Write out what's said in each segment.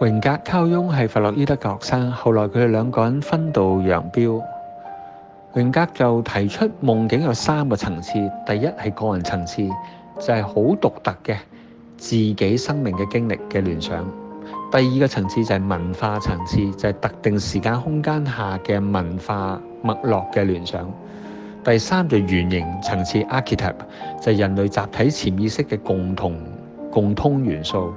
榮格 Carl Jung 係弗洛伊德嘅學生，後來佢哋兩個人分道揚鑣。榮格就提出夢境有三個層次：第一係個人層次，就係好獨特嘅自己生命嘅經歷嘅聯想；第二個層次就係文化層次，就係特定時間空間下嘅文化脈絡嘅聯想；第三就係原型層次 （archetype），就係人類集體潛意識嘅共同。共通元素，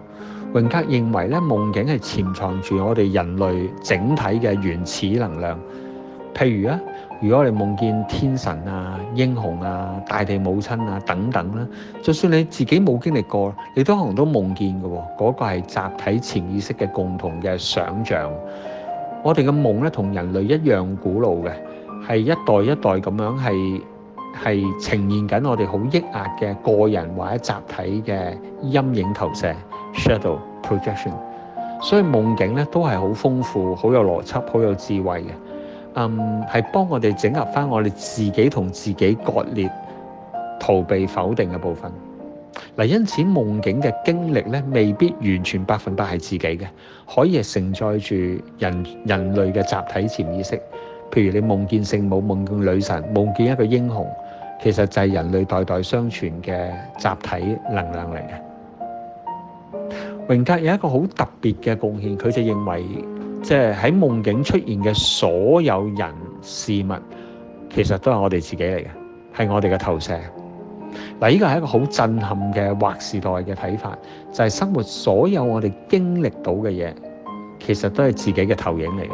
榮格認為咧，夢境係潛藏住我哋人類整體嘅原始能量。譬如啊，如果我哋夢見天神啊、英雄啊、大地母親啊等等啦，就算你自己冇經歷過，你都可能都夢見嘅。嗰個係集體潛意識嘅共同嘅、就是、想象，我哋嘅夢咧，同人類一樣古老嘅，係一代一代咁樣係。係呈現緊我哋好抑壓嘅個人或者集體嘅陰影投射 （shadow projection），所以夢境咧都係好豐富、好有邏輯、好有智慧嘅。嗯，係幫我哋整合返我哋自己同自己割裂、逃避否定嘅部分。嗱，因此夢境嘅經歷咧，未必完全百分百係自己嘅，可以係承載住人人類嘅集體潛意識。譬如你夢見聖母、夢見女神、夢見一個英雄。其實就係人類代代相傳嘅集體能量嚟嘅。榮格有一個好特別嘅貢獻，佢就認為，即係喺夢境出現嘅所有人事物，其實都係我哋自己嚟嘅，係我哋嘅投射。嗱，呢個係一個好震撼嘅劃時代嘅睇法，就係、是、生活所有我哋經歷到嘅嘢，其實都係自己嘅投影嚟嘅。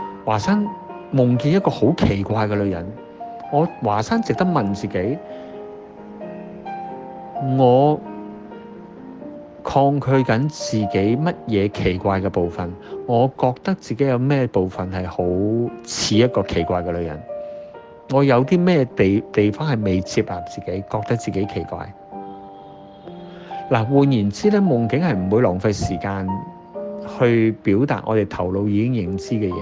華山夢見一個好奇怪嘅女人。我華山值得問自己：我抗拒緊自己乜嘢奇怪嘅部分？我覺得自己有咩部分係好似一個奇怪嘅女人？我有啲咩地地方係未接納自己，覺得自己奇怪？嗱，換言之咧，夢境係唔會浪費時間去表達我哋頭腦已經認知嘅嘢。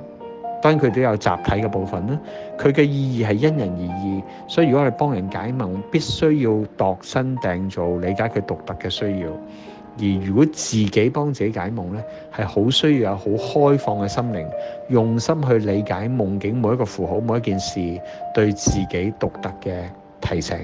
當然佢都有集體嘅部分啦，佢嘅意義係因人而異，所以如果我哋幫人解夢，必須要度身訂造，理解佢獨特嘅需要。而如果自己幫自己解夢呢，係好需要有好開放嘅心靈，用心去理解夢境每一個符號、每一件事對自己獨特嘅提醒。